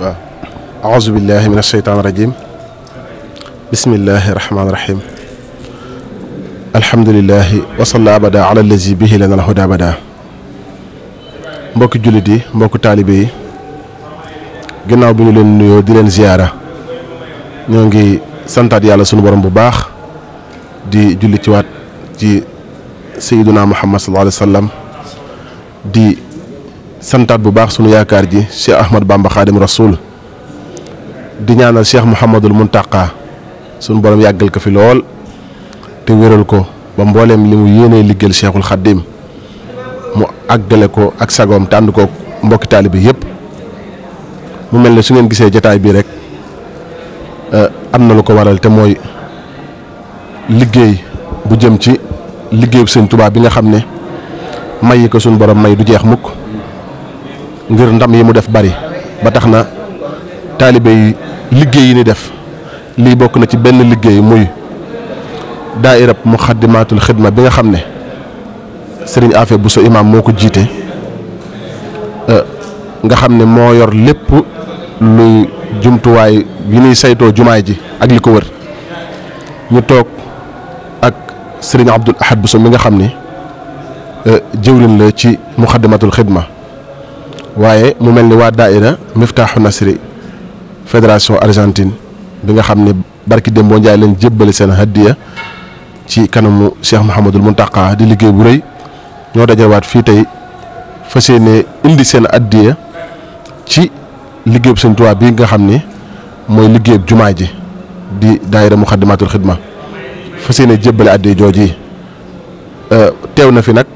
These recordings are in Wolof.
waaw aouzu billahi min asheytaan rajim bismillahi rahmaani rahim alhamdulilahi wasalla abada ala allazi bihi lana alhuda abada mbokki jullit yi mbokki taalibe yi ginnaaw bi ñu leen nuyoo di leen ziyaara ñoo ngi santaat yàlla sunu borom bu baax di julli ci waat ci sayyiduna muhammad sallallahu alayhi wa sallam di santaat bu baax sunu yaakaar ji Cheikh Ahmad Bamba Xaadim Rasoul di ñaanal Cheikh Mouhamadul Muntaqa sunu borom yàggal ko fi lool te wéral ko ba mbooleem li mu yéenee liggéeyal Cheikhul Xaadim mu àggale ko ak sagoom tànd ko mbokki taalibe yëpp mu mel ne su ngeen gisee jataay bi rek eh, am na lu ko waral te mooy liggéey bu jëm ci liggéeyu Sëñ tubaab bi nga xam ne may yi ko sunu borom may du jeex mukk ngir ndam yi mu def bari ba tax na taalibe yi liggéey yi ni def lii bokk na ci benn liggéey muy daairab muxaddimaatul xidma bi nga xam ne sëriñ Afe Bousso imaam moo ko jiite euh, nga xam ne moo yor lépp luy jumtuwaay yi ñuy saytoo jumaay ji ak li ko wër ñu toog ak sëriñ Abdul Ahad Bousso mi nga xam ni euh, jëwriñ la ci muxaddimaatul xidma waaye mu mel ni waa daaira Miftaaxu Nasri fédération argentine bi nga xam ne barki Dembo Ndiaye lañ jébbale seen hadiya ci kanamu Cheikh Mouhamadul Mountakha di liggéey bu rëy ñoo dajawaat fii tey fas yéene indi seen hadiya ci liggéeyub Sëñ Tuubaa bi nga xam ni mooy liggéeyub jumaa ji di daaira Muxaddamatul Xidma fas yéene jébbale hadiya jooju yi teew na fi nag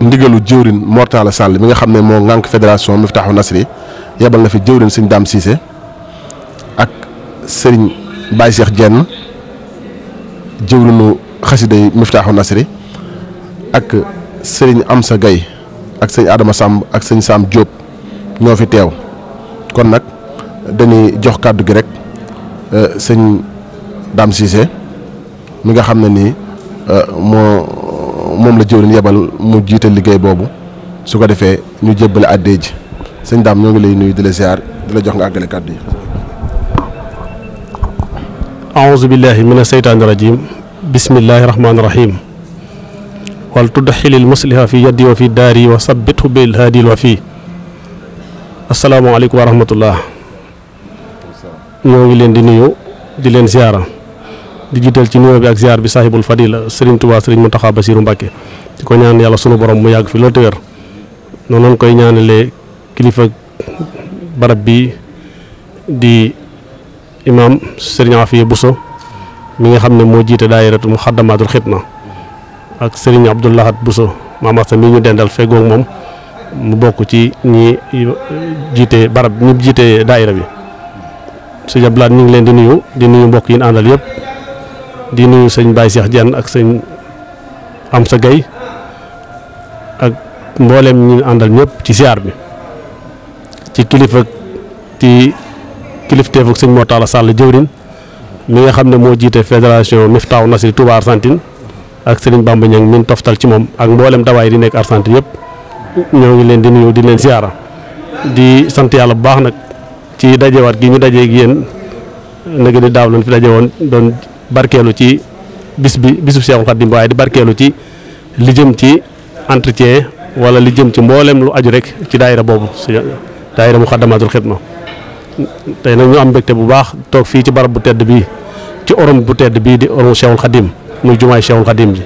ndigalu jëwrin Mortala sàll mi nga xam ne moo ŋànk fédération Miftahou Nasri yebal na fi jëwrin sëñ Dame ak sëriñ Baye Cheikh Dieng jëwrinu xasiday Miftahou Nasri ak sëriñ sa Gaye ak sëñ Adama Samb ak sëñ Sam Diop ñoo fi teew kon nag dañuy jox kàddu gi rek euh, sëñ Dame mi nga xam ne nii euh, moo. moom la jëwriñ yebal mu jiite liggéey boobu su ko defee ñu jébbale àddee ji sëñ daam ñoo ngi lay nuyu di la ziar di la jox nga yi aouzu billahi min aseytaani rajim bismillahi rahmaani rahim wal tudxilil musliha fi yaddi wa wa sabbithu bil haadil wa fii asalaamaaleykum wa rahmatullah ñoo ngi leen di nuyu di leen ziara di jiital ci nuyoo bi ak ziar bi sahibul fadila Serigne Touba Serigne Mountakha Bassirou Mbacké di ko ñaan yàlla sunu borom mu yàgg fi loolu te wér noonu lañ koy ñaanale kilifa barab bi di imam Serigne Afia Bousso mu nga xam ne moo jiite daayiratu Muxaddamaatul Xidma ak Serigne Abdou Lahad Bousso maamasa mi ñu dendal feggoog moom mu bokk ci ñi jiite barab ñi jiite daayira bi sëñ Abdoulaye ñu ngi leen di nuyu di nuyu mbokk yi ñu àndal yëpp. di nuyu sëñ Baye seex jenn ak sëñ Amsa Gueye ak mboolem ñu àndal ñëpp ci siyaar bi ci kilifa ci kilifteef ak sëñ Mortala sàll jëwrin mi nga xam ne moo jiite fédération Miftaaw Nasri Touba Argentine ak sëriñ Bamba Ñang min toftal ci moom ak mboolem dawaay di nekk Argentine yëpp ñoo ngi leen di nuyu di leen siyaara di sant yàlla bu baax nag ci dajewaat gi ñu dajee ak yéen di daaw lañ fi daje doon barkeelu ci bis bi bisu Seexul Xaddim waaye di barkeelu ci li jëm ci entretien wala li jëm ci mboolem lu aju rek ci daayira boobu daayira mu xaddamaatul xidma tey nag ñu am mbégte bu baax toog fii ci barab bu tedd bii ci orom bu tedd bii di orom Seexul Xaddim muy jumaay Seexul Xaddim ji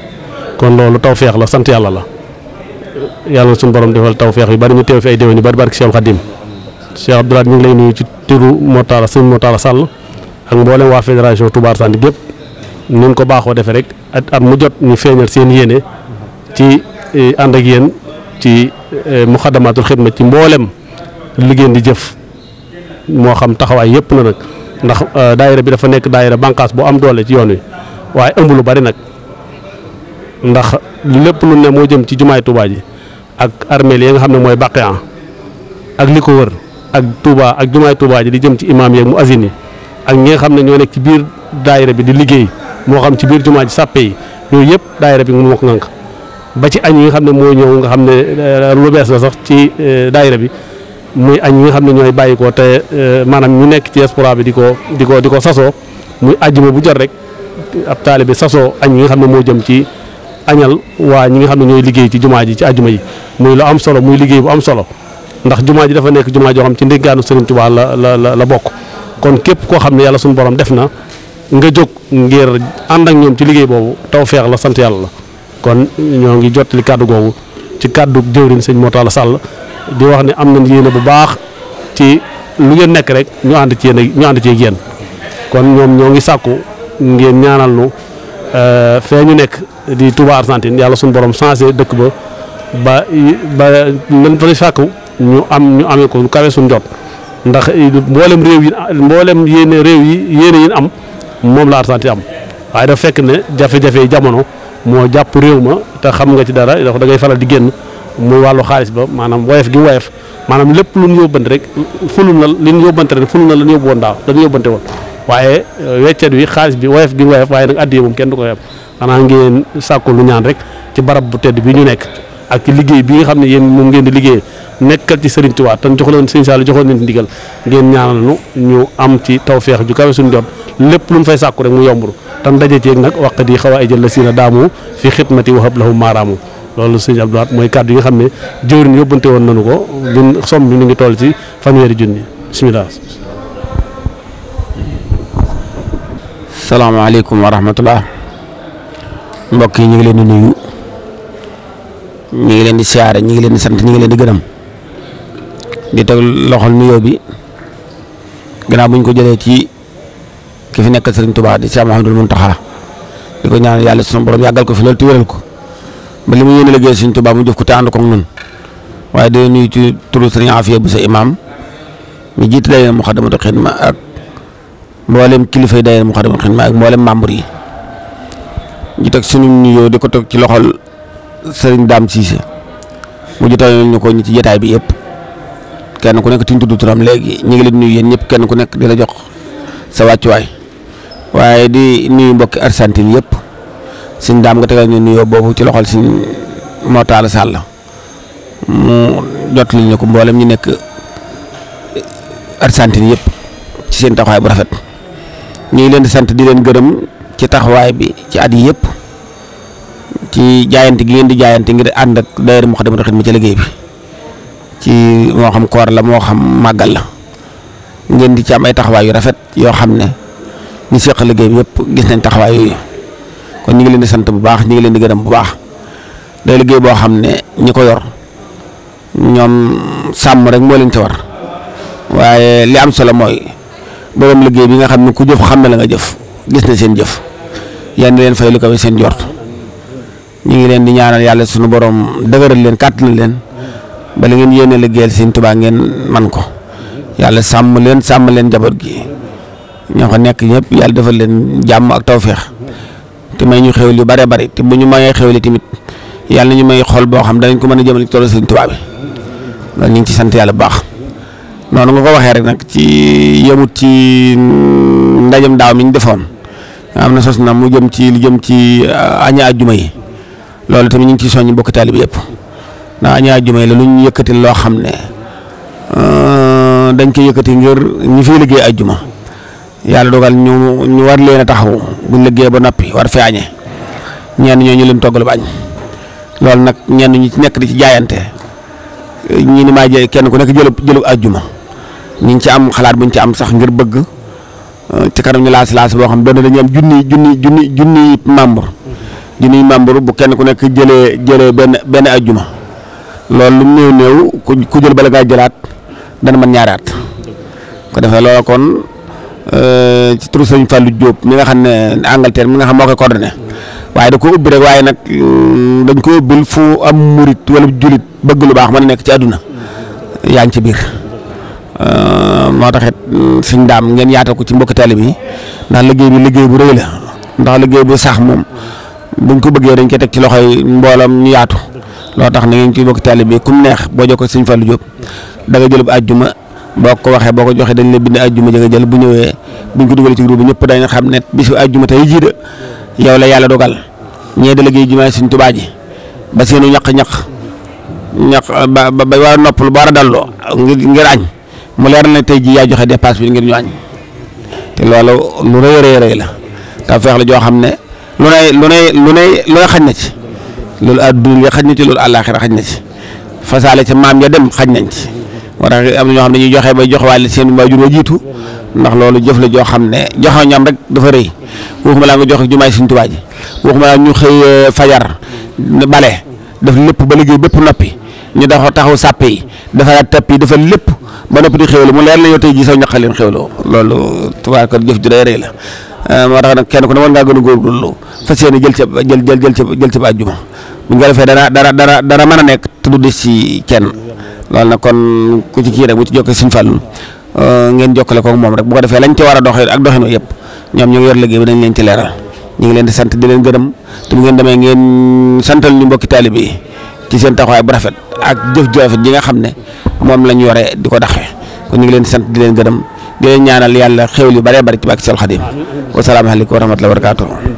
kon loolu tawfeex la sant yàlla la yàlla suñu borom defal tawfeex yu bari ñu teew fi ay déwén yu bari barki Seexul Xaddim Cheikh Abdoulaye ñu ngi lay nuyu ci turu Motara sëñ Motara Sall ak mboolem waa fédération Touba Argentine gépp nun ko baaxoo defee rek at at mu jot ñu feeñal seen yéene ci eh, ànd ak yéen ci eh, muxadamatul xidma ci mboolem li ngeen di jëf moo xam taxawaay yëpp la nag ndax eh, daayira bi dafa nekk daayira bànqaas boo am doole ci yoon wi waaye ëmb lu bari nag ndax lépp lu ne moo jëm ci jumaay Touba ji ak armeel yi nga xam ne mooy Baqiya ak li ko wër ak Touba ak jumaay Touba ji di jëm ci imaam yeeg mu azin yi ak ñi xam ne ñoo nekk ci biir daayira bi di liggéey. moo xam ci biir jumaa ji sàppe yi yooyu yëpp daayira bi moo ko ngànk ba ci añ yi nga xam ne moo ñëw nga xam ne euh, lu bees la sax ci euh, daayira bi muy añ yi nga xam ne ñooy bàyyi ko te euh, maanaam ñu nekk ci diaspora bi di ko di ko di ko sasoo muy àjjuma bu jot rek ab taalibe sasoo añ yi nga xam ne moo jëm ci añal waa ñu nga xam ne ñooy liggéey ci jumaa ji ci àjjuma yi muy lu am solo muy liggéey bu am solo ndax jumaa ji dafa nekk jumaa joo xam ci ndéggaanu Sëriñ Tuubaa la la la bokk kon képp koo xam ne yàlla suñu borom def na nga jóg ngir ànd ak ñoom ci liggéey boobu taw feex la sant yàlla la kon ñoo ngi jottali kàddu googu ci kàddu jëwriñ sëñ Motala Sall di wax ne am nañ yéene bu baax ci lu ngeen nekk rek ñu ànd ci yéen ñu ànd kon ñoom ñoo ngi sàkku ngeen ñaanal nu euh, fee ñu nekk di Touba Argentine yàlla suñu borom changé dëkk ba ba ba lan fa sàkku am ñu amee ko kawe suñu jot ndax mboolem réew yi mboolem yéene réew yi yéene yi am. moom la Argentine am waaye dafa fekk ne jafe-jafe yi jamono moo jàpp réew ma te xam nga ci dara da ngay faral di génn muy wàllu xaalis ba maanaam woyef gi woyef maanaam lépp lu ñu yóbbante rek fulul na li ñu yóbbante rek fulul na la ñu yóbbu woon daaw dañu yóbbante woon waaye euh, weccet wi xaalis bi woyef gi woyef waaye nag addiye moom kenn du ko yem xanaa ngeen sàkku lu ñaan rek ci barab bu tedd bi ñu nekk ak liggéey bi nga xam ne yéen moom ngeen di liggéey nekkal ci Serigne Touba te joxoon Serigne Saliou joxoon nañ ndigal ngeen ñaanal nu ñu am ci tawféex ju kawe suñu jot lépp lu ñu fay sàkku rek mu yombru tan daje ceeg nag wax yi xaw a jël la siina daamu fi xidmati wa hablahu maaraamu loolu Serigne Abdou Lahad mooy kàddu yi nga xam ne jëwriñ yóbbante woon nañu ko bin somme bi ngi toll ci fanweeri junni bisimilah. salaamaaleykum wa rahmatulah mbokk yi ñu ngi leen ñu ngi leen di siyaare ñu ngi leen di sant ñu ngi leen di gërëm di teg loxol nuyoo bi gannaaw bu ko jëlee ci ki fi nekk Serigne Touba di Cheikh Mouhamadul Mountakha di ko ñaanal yàlla sunu borom yàggal ko fi loolu te wéral ko ba li mu yéene liggéey Serigne Touba mu jëf ko te ànd ko ak waaye di nuyu ci turu Serigne Afia bu sa imaam ñu jiite daayira Muxaddamatul Xidma ak mboolem kilifay daayira Muxaddamatul Xidma ak mboolem membre yi ñu teg sunu nuyoo di ko teg sëriñ Dame Cissé mu jotal ñu ko ñi ci jotaay bi yëpp kenn ku nekk tiñ tudd turam léegi ñu ngi leen nuyu yéen ñëpp kenn ku nekk di la jox sa wàccuwaay waaye di nuyu mbokki Argentine yëpp sëñ Dame nga tegal ñu ci loxol sëñ Mortalla Sall mu jot mboolem ñu nekk Argentine yëpp ci seen taxawaay bu rafet ñu ngi leen di sant di leen gërëm ci taxawaay bi ci at yi yëpp. ci jaayante gi ngeen di jaayante ngir ànd ak daayira Moukhaddamatoul Khidma ci liggéey bi ci moo xam koor la moo xam màggal la ngeen di ci am ay taxawaay yu rafet yoo xam ne ñu seq liggéey bi yëpp gis nañ taxawaay yooyu kon ñu ngi leen di sant bu baax ñu ngi leen di gërëm bu baax day liggéey boo xam ne ñi ko yor ñoom sàmm rek moo leen ci war waaye li am solo mooy borom liggéey bi nga xam ne ku jëf xam ne la nga jëf gis na seen jëf yal na leen fay lu kawe seen jort. ñu ngi leen di ñaanal yàlla suñu borom dëgëral leen kàttanal leen ba ngeen yéene liggéeyal Sëriñ Tuubaa ngeen man ko yàlla sàmm leen sàmm leen jaboot gi ñoo fa nekk ñëpp yàlla defal leen jàmm ak feex te may ñu xewli yu bare bari te bu ñu xew li tamit yàlla ñu may xol boo xam danañ ko mën a jëmale ci toolu Sëriñ Tuubaa ñu ngi ci sant yàlla bu baax noonu nga ko waxee rek nag ci yëmut ci ndajam daaw mi ñu defoon am na sos na mu jëm ci li jëm ci uh, aña ajjuma yi loolu tamit ñu ngi ciy soññ bokki taalibe yëpp ndax añaa jumaa la lu ñu yëkkati loo xam ne euh, dañ koy yëkkati ngir ñu fiy liggéey ajjuma yàlla dogal ñu ñu war leen a taxaw buñ liggéey ba noppi war fee añee ñenn ñoo ñu leen toggal ba añ loolu nag ñenn ñu ci nekk di ci jaayante ñi ni maa jëy kenn ku nekk jëlub jëlub ajjuma ñu ngi ci am xalaat buñ ci am sax ngir bëgg euh, ci kanam ñu laas laas boo xam doon dañu am junni junni junni junni membre di nuyu bu kenn ku nekk jëlee jëlee benn benn ajjuma loolu lu néew néew ku jël bala ngaa jëlaat dana mën ñaari at ko defee loola kon euh, ci turu sëñ Fallou Diop mi nga xam ne Angleterre mi nga xam moo koy coordonné waaye da ko ubbi rek waaye nag euh, dañ ko ubbil fu am murit wala julit bëgg lu baax mën a nekk ci àdduna yaa ngi ci biir euh, moo taxit suñ daam ngeen yaatal ko ci mbokki taalibe yi ndax liggéey bi liggéey bu rëy la ndax liggéey bu sax moom buñ ko bëggee dañ koy teg ci loxoy mboolam ñu yaatu loo tax na ngeen ci bokk taalibe ku neex boo jokkoo Sëñ Fallou Diop da nga jël bu àjjuma boo ko waxee boo ko joxee dañ la bind àjjuma ja nga jël bu ñëwee buñ ko dugalee ci groupe bi ñëpp dañ xam ne bisu àjjuma tey jii de la yàlla dogal ñee délégué jumaa Sëñ Tuubaa ji ba seenu ñaq-ñaq ñaq ba ba war a noppal ba war a dalloo ngir ngir añ mu leer na tey ji yaa joxe dépense bi ngir ñu añ te loolu lu rëy rëy rëy la te feex la joo xam ne lu nay lu nay lu nay lu nay xaj na ci loolu àdduna xaj na ci loolu àllaaxira xaj na ci fasaale ca maam ya dem xaj nañ ci moo tax am na ñoo xam ne ñuy joxe bay jox waale seen waajur wa jiitu ndax loolu jëf la joo xam ne joxe ñam rek dafa rëy waxuma laa nga joxe jumaay Sëriñ Tuubaa ji waxuma laa ñu xëy euh, fajar bale def lépp ba liggéey bépp noppi ñu dafa taxaw sàpp yi defaraat tapp yi dafa lépp ba noppi di xéwlu mu leer la yow tey ji saw ñaq leen xéwloo loolu tubaab kër jëf ju day rëy la Eh, moo tax nag kenn ku ne war ngaa gën a góorgóorlu fas yéene jël ca jël jël jël ca jël defee dara dara dara dara mën a nekk te du des ci kenn loolu nag kon ku ci kii bu ci jokkee suñu fàllul eh, ngeen jokkale ko moom rek bu ko defee lañ ci war a doxee ak doxinu yëpp ñoom ñu ngi yor dañ leen ci leeral ñu ngi leen di sant di leen gërëm ngeen demee ngeen santal ñu mbokki taalibe yi ci seen taxawaay bu rafet ak jëf ji nga xam ne moom lañ yore di ko daxee kon ñu ngi leen sant di leen gërëm di ñaanal yàlla xéwal yu bare bari ci bàkk Seex Xaadim wa salaamu aleykum wa rahmatullaahi wa barakaatuh